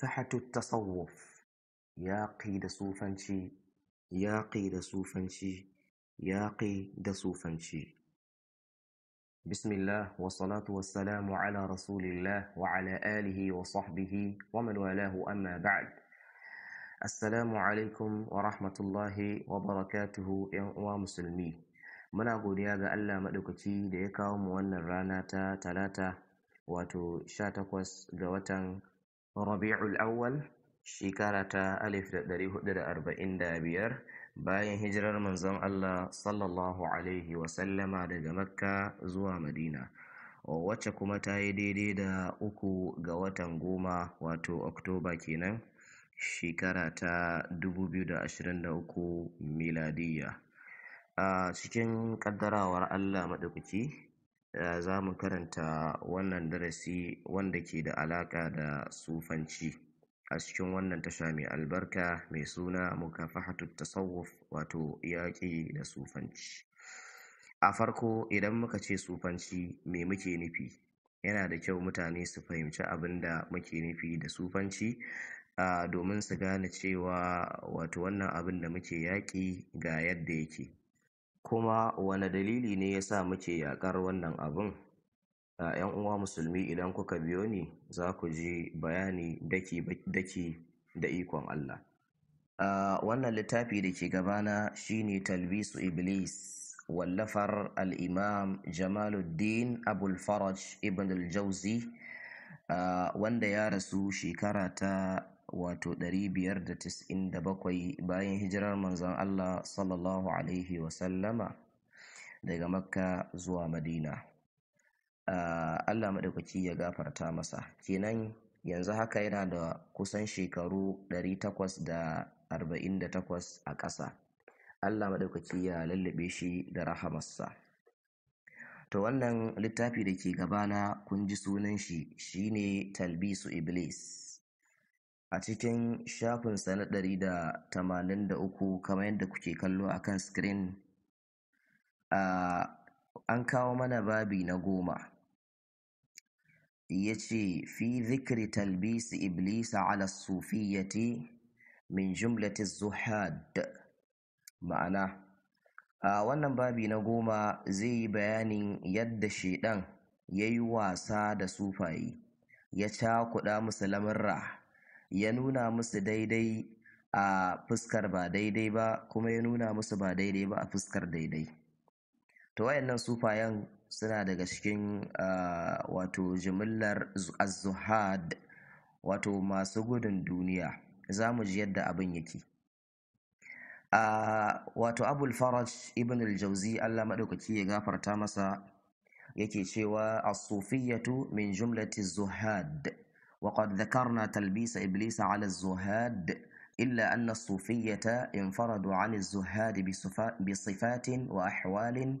مكافحة التصوف يا قيد صوفانشي يا قيد صوفانشي يا قيد صوفانشي بسم الله والصلاة والسلام على رسول الله وعلى آله وصحبه ومن والاه أما بعد السلام عليكم ورحمة الله وبركاته ومسلمي منا غوديا ga Allah madaukaki da ya kawo mu wannan rana ta talata wato Rabi'ul Awwal shekara ta 1445 bayan hijirar manzon Allah sallallahu alaihi sallama daga Makka zuwa Madina wacce kuma ta yi daidai da uku ga watan goma wato Oktoba kenan shekara ta 2023 miladiyya a cikin kaddarawar Allah maɗaukaki za mu karanta wannan darasi wanda ke da alaƙa da sufanci a cikin wannan tasha mai albarka mai suna mukafahatu tasawuf wato yaƙi da sufanci a farko idan muka ce sufanci me muke nufi yana da kyau mutane su fahimci abin da muke nufi da sufanci domin su gane cewa wato wannan abin da muke yaƙi ga yadda yake kuma wane dalili ne ya sa muke yaƙar wannan abun a yan uwa musulmi idan kuka biyo ni za ku ji bayani daki da ikon Allah a wannan littafi da ke gabana shine talbisu iblis wallafar al'imam jamaluddin abul ibn al-jauzi wanda ya rasu shekara ta wato 597 bayan hijirar manzan Allah sallallahu alaihi wasallama daga makka zuwa madina ah, Allah maɗaukaki ya gafarta masa kenan yanzu haka yana da kusan shekaru 848 a ƙasa Allah maɗaukaki ya lallabe shi da rahamarsa to wannan littafi da ke gabana kun ji sunan shi shine talbisu iblis a cikin shafin na ɗari da tamanin da uku kamar yadda kuke kallo a kan screen an kawo mana babi na goma ya ce fi zikri talbisi iblisa ala sufiyyati min jumlati zuhad ma'ana a wannan babi na goma zai yi bayanin yadda shaidan ya yi wasa da sufaye ya cakuɗa musu lamarra ya nuna musu daidai a fuskar ba daidai ba kuma ya nuna musu ba daidai ba a fuskar daidai to wayannan sufayen suna daga cikin wato jimillar az wato masu gudun duniya za mu ji yadda abin yake wato abul faraj ibn al allah maɗaukaki ya gafarta masa yake cewa as-sufiyatu min jumlati zuhad وقد ذكرنا تلبيس إبليس على الزهاد إلا أن الصوفية انفردوا عن الزهاد بصفات وأحوال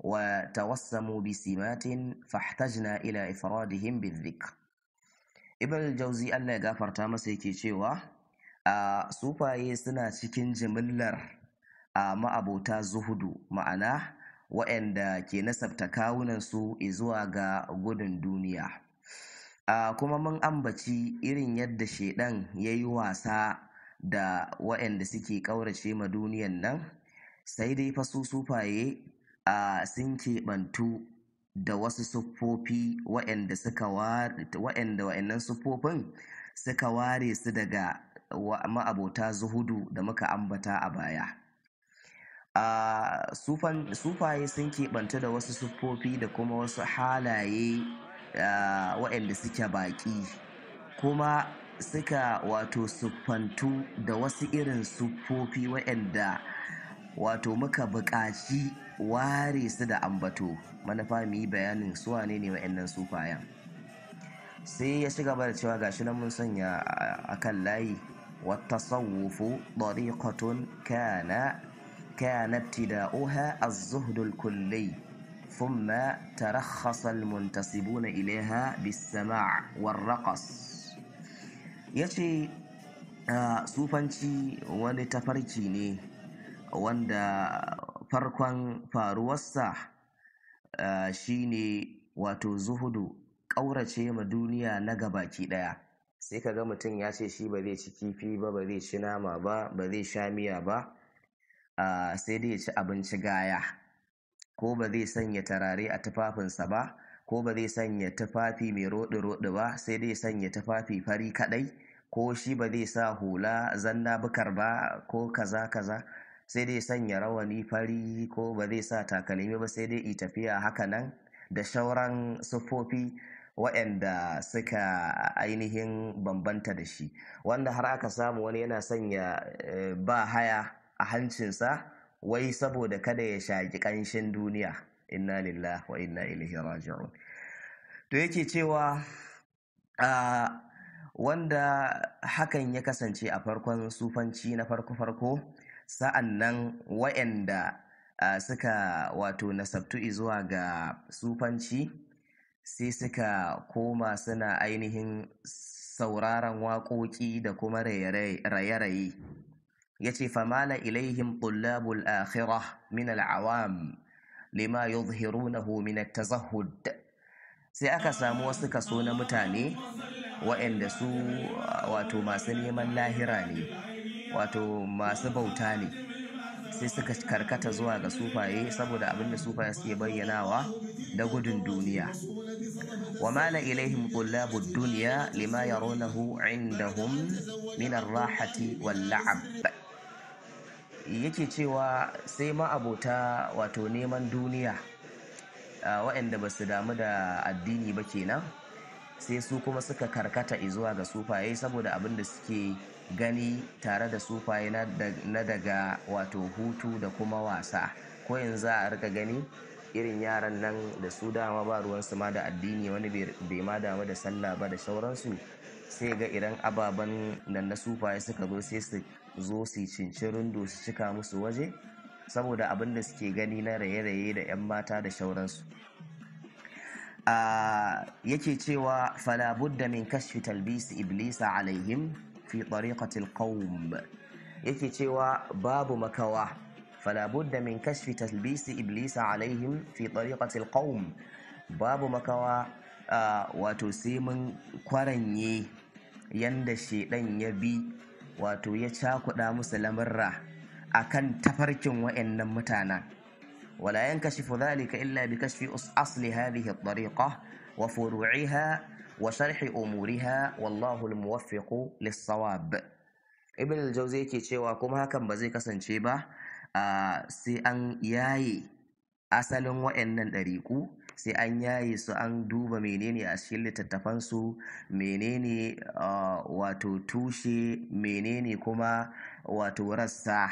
وتوسموا بسمات فاحتجنا إلى إفرادهم بالذكر ibn jauzi Allah ya gafarta masa yake cewa a sufaye suna cikin jimillar a ma'abota zuhudu ma'ana waɗanda ke nasabta kawunan su zuwa ga gudun duniya a kuma mun ambaci irin yadda shedan ya yi wasa da waɗanda suke ƙaurace ma duniyan nan sai dai fasu sufaye a sun keɓantu da wasu siffofi waɗanda suka waɗanda siffofin suka ware su daga ma'abota zuhudu da muka ambata a baya a sufaye sun keɓanta da wasu siffofi da kuma wasu halaye Eh, waɗanda suke baƙi kuma suka wato siffantu da wasu irin siffofi waɗanda wato muka buƙaci ware su da ambato manufa mu yi bayanin su ne ne waɗannan sufayen sai ya ci gaba da cewa shi nan mun sanya a kan layi wata والتصوف طريقة كان oha a الزهد kullai ثم ترخص المنتسبون إليها بالسماع والرقص yace sufanci wani tafarki ne wanda farkon faruwarsa shine wato zuhudu ƙaurace ma duniya na gabaki ɗaya sai ka ga mutum ya ce shi ba zai ci kifi ba ba zai ci nama ba ba zai sha miya ba sai dai ya ci abinci gaya ko ba zai sanya tarare a tufafinsa ba ko ba zai sanya tufafi mai roɗi-roɗi ba sai dai sanya tufafi fari kaɗai ko shi ba zai sa hula zanna bukar ba ko kaza kaza sai dai sanya rawani fari ko ba zai sa takalmi ba sai dai tafiya haka nan da shauran siffofi waɗanda suka ainihin bambanta da shi wanda har aka samu wani yana sanya eh, ba haya a hancinsa wai saboda kada ya shaƙi ƙanshin duniya inna lillah wa inna ilaihi raji'un to yake cewa wanda hakan ya kasance a farkon sufanci na farko-farko sa'an nan wa'yanda suka wato na nasabtu zuwa ga sufanci sai suka koma suna ainihin sauraron waƙoƙi da kuma raye-raye ya yace mala ilaihim tullabul akhirah min al'awam lima yuzhirunahu min at-tazahhud sai aka samu wasu kaso na mutane waɗanda su wato masu neman lahira ne wato masu bauta ne sai suka karkata zuwa ga sufaye saboda abinda sufaye suke bayyanawa da gudun duniya wa mala ilaihim tullabud duniya lima yarunahu indahum min ar-rahati wal-la'ab yake cewa sai ma'abota wato neman duniya waɗanda ba su damu da addini ba kenan sai su kuma suka karkata izuwa ga sufaye saboda abin da suke gani tare da sufaye na daga wato hutu da kuma wasa ko yanzu za a rika gani irin yaran nan da su dama ba ruwansu ma da addini wani bai ma damu da sallah ba da sauransu sai ga irin ababen nan na sufaye suka zo sai su zo su cincirindo su cika musu waje saboda abin da suke gani na raye-raye da 'yan mata da shauransu yake cewa falabudda min kashfi bisu iblisa alaihim fi tariqatil qawm yake cewa babu makawa falabudda min kashfi bisu iblisa alaihim fi tariqatil qawm babu makawa wato sai mun kwaranye yanda shedan ya bi wato ya cakuɗa musu lamarra kan tafarkin wa'annan mutanen wala kashi dhalika illa bi kashi asli hadhihi dariƙa wa furu'iha wa sharhi umuriha wallahu al-muwaffiqu lis-sawab ibn al-jawzi yake cewa kuma hakan ba zai kasance ba sai an yaye asalin wa'annan ɗariƙu sai an yaye su an duba menene a cikin littattafansu menene ah, wato tushe menene kuma wato rassa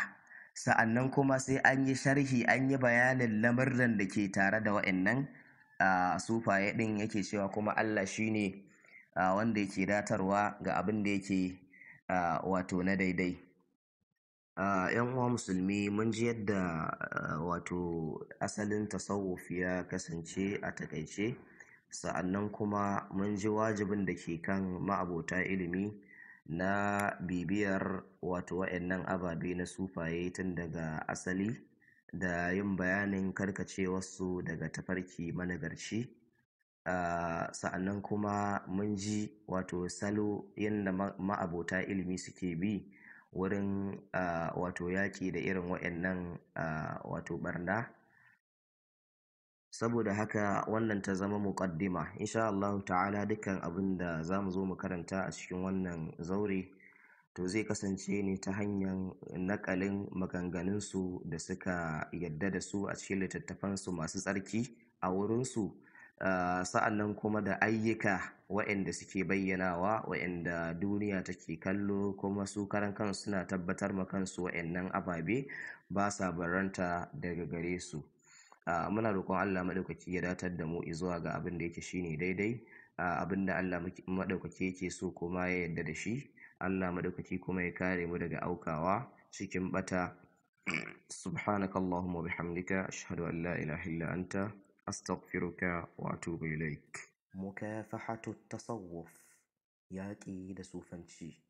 sa'annan kuma sai an yi sharhi an yi bayanin lamarran da ke tare da wa'annan ah, sufaye din yake cewa kuma allah shine ah, wanda yake datarwa ga abin da yake wato na daidai yan ah, uwa musulmi mun ji yadda ah, wato asalin tasawuf ya kasance a takaice sa'annan kuma mun ji wajibin da ke kan ma'abota ilimi na bibiyar wato wa'annan ababe na sufaye tun daga asali da yin bayanin karkacewarsu daga tafarki managarci Uh, sa'annan kuma mun ji wato salo yadda ma'abota ilimi suke bi wurin wato yaƙi da irin waɗannan wato ɓarna saboda haka wannan ta zama muƙaddima insha Allah ta'ala dukkan abin da za mu zo mu karanta a cikin wannan zaure to zai kasance ne ta hanyar nakalin maganganunsu da suka yadda da su a cikin littattafansu masu tsarki a wurinsu Ah, sa'annan kuma da ayyuka wa'inda suke bayyanawa wa'inda duniya take kallo kuma su karan kansu suna tabbatar ma kansu waɗannan ababe ba sa baranta daga gare su ah, muna roƙon Allah maɗaukaki ya datar da mu zuwa ga abin da yake shine daidai ah, abin da Allah maɗaukaki yake so kuma ya yadda da shi Allah maɗaukaki kuma ya kare mu daga aukawa cikin bata subhanakallahumma bihamdika ashhadu an la ilaha illa anta أستغفرك وأتوب إليك مكافحة التصوف ياكي da sufanci